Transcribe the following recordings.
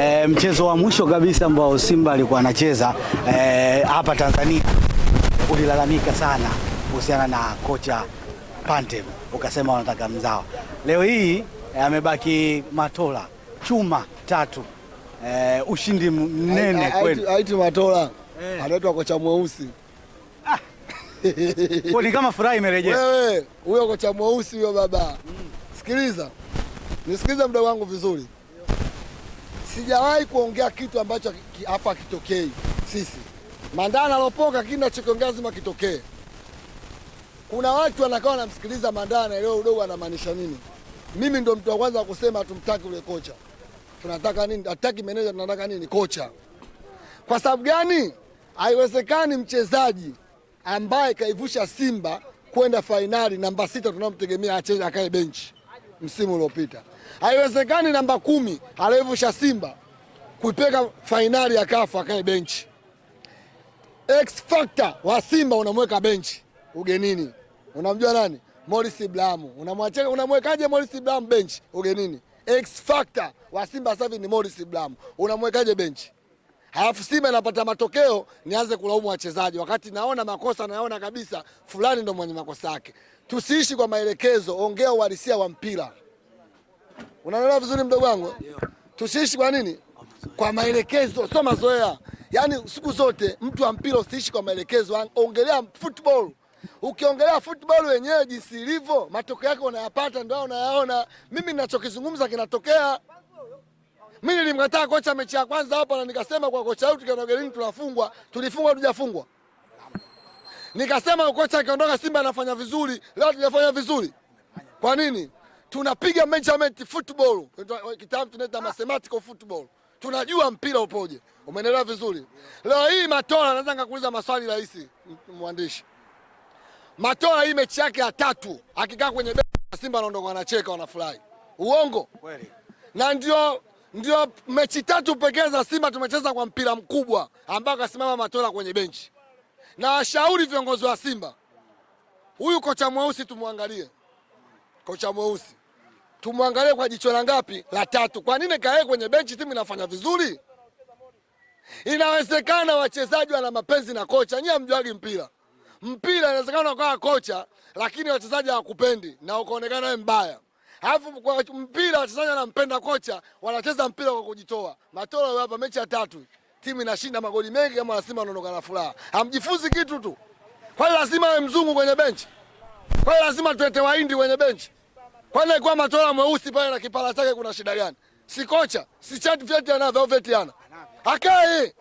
E, mchezo wa mwisho kabisa ambao Simba alikuwa anacheza eh, hapa e, Tanzania ulilalamika sana kuhusiana na kocha Pante, ukasema wanataka mzao. Leo hii eh, amebaki Matola chuma tatu e, ushindi mnene kweli. Haiti Matola e, anaitwa kocha mweusi ah. Ni kama furaha imerejea. Wewe huyo kocha mweusi huyo baba mm. Sikiliza nisikiliza mdogo wangu vizuri sijawahi kuongea kitu ambacho hapa kitokei. Sisi Mandala alopoka kini nachokiongea lazima kitokee. Kuna watu wanakaa wanamsikiliza Mandala naelewa udogo anamaanisha nini. Mimi ndo mtu wa kwanza wakusema kusema tumtaki ule kocha. Tunataka nini? Hatutaki meneja, tunataka nini? Kocha. Kwa sababu gani? Haiwezekani mchezaji ambaye kaivusha Simba kwenda fainali namba sita tunamtegemea acheze akae benchi msimu uliopita. Haiwezekani namba kumi aliyevusha Simba kuipeka fainali ya kafu akae benchi. X factor wa Simba unamweka benchi ugenini, unamjua nani? Morris Blamu. Unamwacha, unamwekaje Morris Blamu benchi ugenini? X factor wa Simba safi ni Morris Blamu, unamwekaje benchi? halafu Simba inapata matokeo nianze kulaumu wachezaji, wakati naona makosa, naona kabisa fulani ndo mwenye makosa yake. Tusiishi kwa maelekezo, ongea uhalisia wa mpira. Unaelewa vizuri mdogo wangu? Tusiishi kwa nini? Kwa maelekezo, sio mazoea. Yaani siku zote mtu wa mpira usiishi kwa maelekezo, ongelea football. Ukiongelea football wenyewe jinsi ilivyo, matokeo yake unayapata, ndio unayaona. Mimi ninachokizungumza kinatokea. Mimi nilimkataa kocha mechi ya kwanza hapa na nikasema kwa kocha wetu kiondoka lini tunafungwa, tulifungwa tujafungwa. Nikasema kocha akiondoka Simba anafanya vizuri, leo tunafanya vizuri. Kwa nini? Tunapiga measurement football. Kitabu tunaita mathematical football. Tunajua mpira upoje. Umeendelea vizuri? Leo hii Matola naweza ngakuuliza maswali rahisi mwandishi. Matola hii mechi yake ya tatu akikaa kwenye Simba anaondoka anacheka wanafurahi. Uongo? Kweli. Na ndio ndio mechi tatu pekee za Simba tumecheza kwa mpira mkubwa ambao akasimama Matola kwenye benchi. Na washauri viongozi wa Simba, huyu kocha mweusi tumwangalie, kocha mweusi tumwangalie kwa jicho la ngapi? La tatu. Kwa nini kae kwenye benchi? Timu inafanya vizuri. Inawezekana wachezaji wana mapenzi na kocha, nyie hamjuagi mpira. Mpira inawezekana ukawa kocha, lakini wachezaji hawakupendi na ukaonekana wewe mbaya. Alafu kwa mpira wachezaji wanampenda kocha, wanacheza mpira kwa kujitoa. Matoro hapa mechi ya tatu timu inashinda magoli mengi kama lazima anaondoka na furaha. Hamjifunzi kitu tu. Kwa hiyo lazima awe mzungu kwenye benchi. Kwa hiyo lazima tuete wahindi kwenye benchi. Kwa nini kwa Matola mweusi pale na kipara chake kuna shida gani? Si kocha, si chat vyeti anavyo vyeti ana. Akae.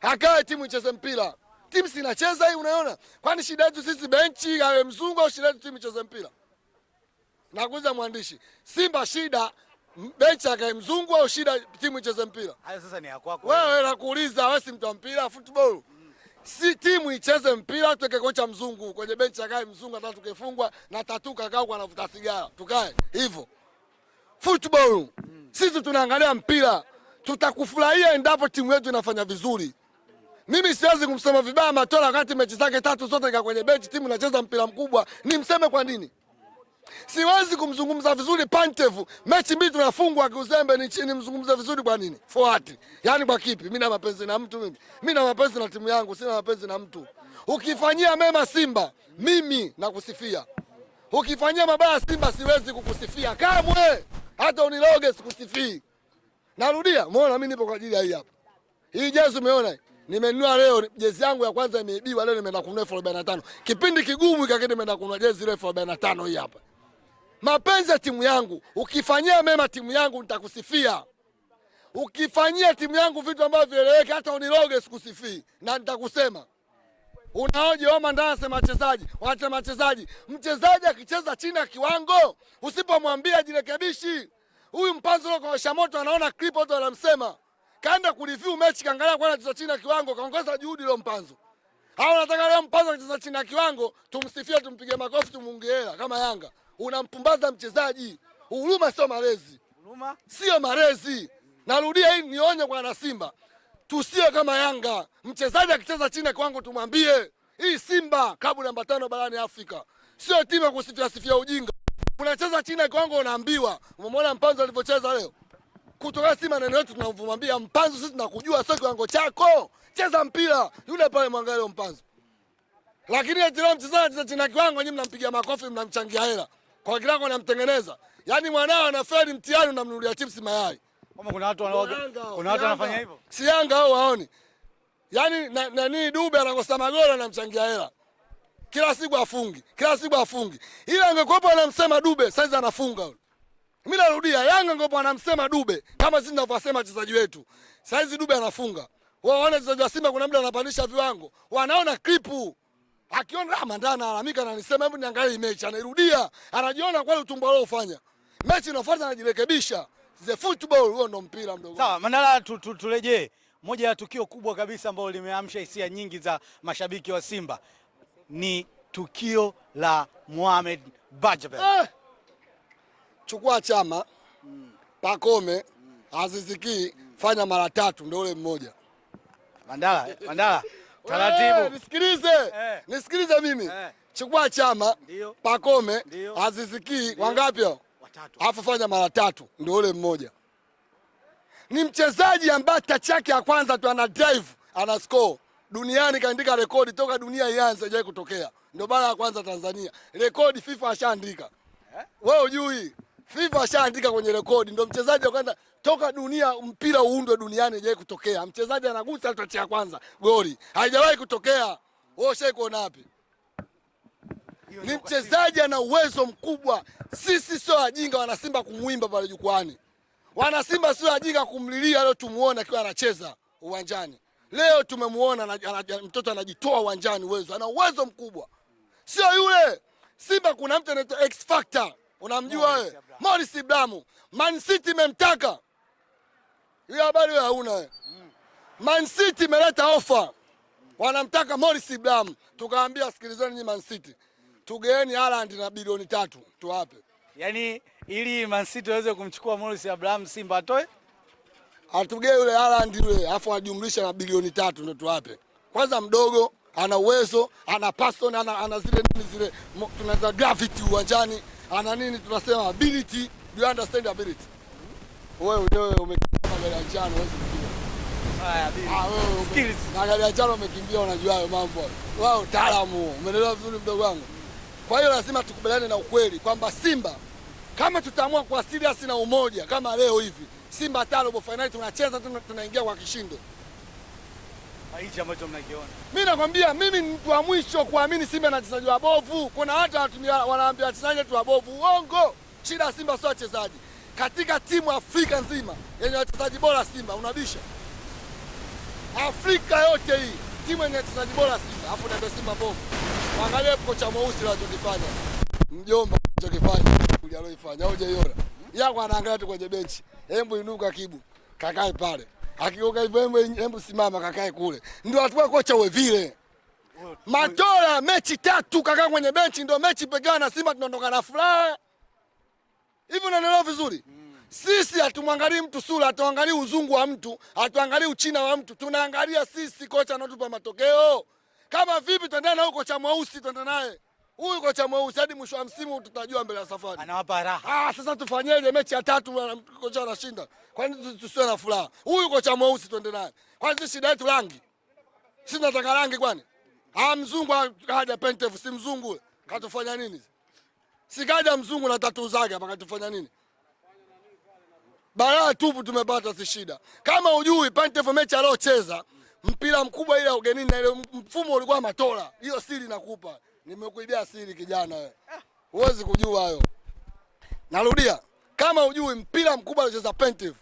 Akae timu icheze mpira. Timu sinacheza hii unaona? Kwani shida yetu sisi benchi awe mzungu au shida yetu timu icheze mpira? Nakuuliza mwandishi, Simba shida benchi akae mzungu au shida timu icheze mpira? Hayo sasa ni ya kwako wewe. Nakuuliza wewe, si mtu wa mpira football si timu icheze mpira, tuweke kocha mzungu kwenye benchi, ya akae mzungu, hata tukifungwa na tatuka kaka kwa anavuta sigara, tukae hivyo football. Sisi tunaangalia mpira, tutakufurahia endapo timu yetu inafanya vizuri. Mimi siwezi kumsema vibaya Matola wakati mechi zake tatu zote ka kwenye benchi, timu inacheza mpira mkubwa, nimseme kwa nini? Siwezi kumzungumza vizuri Pantevu, mechi mbili tunafungwa kiuzembe ni chini, mzungumze vizuri kwa nini? Forward. Yaani kwa kipi? Mimi na mapenzi na mtu mimi. Mimi na mapenzi na timu yangu, sina mapenzi na mtu. Ukifanyia mema Simba, mimi nakusifia. Ukifanyia mabaya Simba siwezi kukusifia kamwe. Hata uniloge sikusifii. Narudia, umeona mimi nipo kwa ajili ya hii hapa. Hii jezi umeona? Nimenunua leo jezi yangu ya kwanza imeibiwa leo nimeenda kununua 45. Kipindi kigumu ikakidi nimeenda kununua jezi ile 45 hii hapa mapenzi ya timu yangu. Ukifanyia mema timu yangu nitakusifia, ukifanyia timu yangu vitu ambavyo vieleweke, hata uniroge sikusifii na nitakusema. Unaoje Oma ndio anasema wachezaji, wanasema wachezaji. Mchezaji akicheza chini ya kiwango, usipomwambia ajirekebishi. Huyu mpanzo leo kwa moto anaona clip watu wanamsema. Kaenda kureview mechi kaangalia kwa anacheza chini ya kiwango, kaongeza juhudi leo mpanzo. Au nataka leo mpanzo akicheza chini ya kiwango, tumsifie tumpige makofi tumuongee hela kama Yanga unampumbaza mchezaji. Huruma sio malezi, huruma sio malezi. Narudia hii nionye kwa wanasimba, tusiwe kama Yanga. Mchezaji akicheza chini ya kiwango tumwambie. Hii Simba klabu namba tano barani Afrika sio timu ya kusifia ujinga. Unacheza chini ya kiwango unaambiwa. Umemwona Mpanzo alivyocheza leo kutoka Simba, neno yetu tunamvumambia Mpanzo, sisi tunakujua, sio kiwango chako, cheza mpira. Yule pale mwangalio Mpanzo, lakini eti leo mchezaji anacheza chini ya kiwango, nyinyi mnampigia makofi, mnamchangia hela kwa Kilango anamtengeneza. Yaani mwanao anafeli mtihani unamnunulia chips mayai. Kama kuna watu kuna watu wanafanya hivyo. Si Yanga au waoni? Yaani nani na, na, Dube anakosa magoli anamchangia hela. Kila siku afungi, kila siku afungi. Ila angekuwepo anamsema Dube, sasa anafunga yule. Mimi narudia Yanga ngopo anamsema Dube kama sisi tunavyosema wachezaji wetu. Saizi Dube anafunga. Wao wana wachezaji wa Simba kuna muda anapandisha viwango. Wanaona klipu akiona ah, Mandanda analalamika na nisema hebu niangalie mechi, anairudia, anajiona kweli utumbo aliofanya. Mechi inafuata anajirekebisha. The football huo ndo mpira mdogo. Sawa, Mandala turejee moja ya tukio kubwa kabisa ambalo limeamsha hisia nyingi za mashabiki wa Simba ni tukio la Mohamed Bajaber. Eh, chukua chama mm. Pakome mm. mm. fanya mara tatu ndio ule mmoja Mandala, Mandala Taratibu. Eh, nisikilize. Eh. Nisikilize mimi. Eh. Chukua Chama, Dio. Pakome, Aziziki wangapi hao? Watatu. Alafu fanya mara tatu ndio ule mmoja. Ni mchezaji ambaye touch yake ya kwanza tu ana drive, ana score. Duniani kaandika rekodi toka dunia ianze haijawahi kutokea. Ndio bara ya kwanza Tanzania. Rekodi FIFA ashaandika. Eh? Wewe ujui? FIFA ashaandika kwenye rekodi, ndio mchezaji wa kwanza toka dunia mpira uundwe duniani haijawahi kutokea mchezaji anagusa tochi ya kwanza goli, haijawahi kutokea. Wewe ushai kuona wapi? Ni mchezaji ana uwezo mkubwa. Sisi sio ajinga, Simba kumwimba pale jukwani, wana Simba sio ajinga kumlilia. Leo tumuone akiwa anacheza uwanjani, leo tumemuona mtoto anajitoa uwanjani, uwezo ana uwezo mkubwa, sio yule Simba. Kuna mtu anaitwa X Factor Unamjua wewe Morris Ibrahimu, Man City imemtaka. Hiyo habari wewe hauna wewe. Man City imeleta ofa, wanamtaka Morris Ibrahimu. Tukaambia sikilizeni, nyinyi Man City, tugeeni Haaland na bilioni tatu tuwape. Yaani ili Man City waweze kumchukua Morris Abraham, Simba atoe atugee yule Haaland yule, afu ajumlisha na bilioni tatu ndio tuwape. Kwanza mdogo ana uwezo, ana person, ana, ana zile nini zile, tunaza gravity uwanjani ana nini, tunasema ability, do you understand ability? Wewe wewe umekimbia gari ya njano, ah, wewe na gari ya njano, umekimbia, unajua hayo mambo wewe, utaalamu Umeelewa vizuri mdogo wangu? Kwa hiyo lazima tukubaliane na ukweli kwamba Simba kama tutaamua kwa serious na umoja kama leo hivi, Simba hata robo finali tunacheza, tunaingia kwa kishindo hichi ambacho mnakiona. Mimi nakwambia mimi ni mtu wa mwisho kuamini Simba na wachezaji wabovu. Kuna hata watumia wanaambia wachezaji tu wabovu. Uongo. Shida Simba sio wachezaji. Katika timu Afrika nzima yenye wachezaji bora Simba unabisha. Afrika yote hii timu yenye wachezaji bora Simba, alafu ndio Simba bovu. Angalia kocha mweusi anachokifanya. Mjomba anachokifanya, kulia aliyofanya. Hujaiona. Yako anaangalia tu kwenye benchi. Hebu inuka kibu. Kakae pale. Akioga hivyo hebu simama kakae kule. Ndio atakuwa kocha wewe vile. Matola mechi tatu kakaa kwenye benchi ndio mechi pekee na Simba tunaondoka na furaha. Hivi unaelewa vizuri? Mm. Sisi hatumwangalii mtu sura, hatuangalii uzungu wa mtu, hatuangalii uchina wa mtu. Tunaangalia sisi kocha anatupa matokeo. Kama vipi tuendane na huko kocha mweusi tuendane naye. Huyu kocha mweusi hadi mwisho wa msimu tutajua mbele ya safari. Anawapa raha. Ah, sasa tufanyeje? Mechi ya tatu kocha anashinda, kwani tusiwe na furaha? Huyu kocha mweusi twende naye, kwani si shida yetu rangi? Si tunataka rangi kwani? Ah, mzungu haja pentev, si mzungu katufanya nini? Si kaja mzungu na tatu zake hapa katufanya nini? Balaa tupu tumepata, si shida. Kama ujui pentev mechi aliocheza mpira mkubwa ile ugenini, na ile mfumo ulikuwa matola, hiyo siri nakupa nimekuibia siri kijana wewe. Huwezi kujua hayo. Narudia, kama ujui mpira mkubwa alicheza Pentev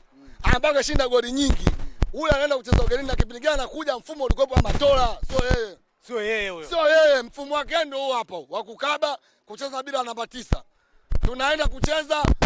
ambaye kashinda goli nyingi. Ule anaenda kucheza ugenini na kipindi gani anakuja mfumo ulikuwepo wa Matola, sio yeye. Sio yeye huyo. Sio yeye, mfumo wake ndio huo hapo, wa kukaba, kucheza bila namba tisa. Tunaenda kucheza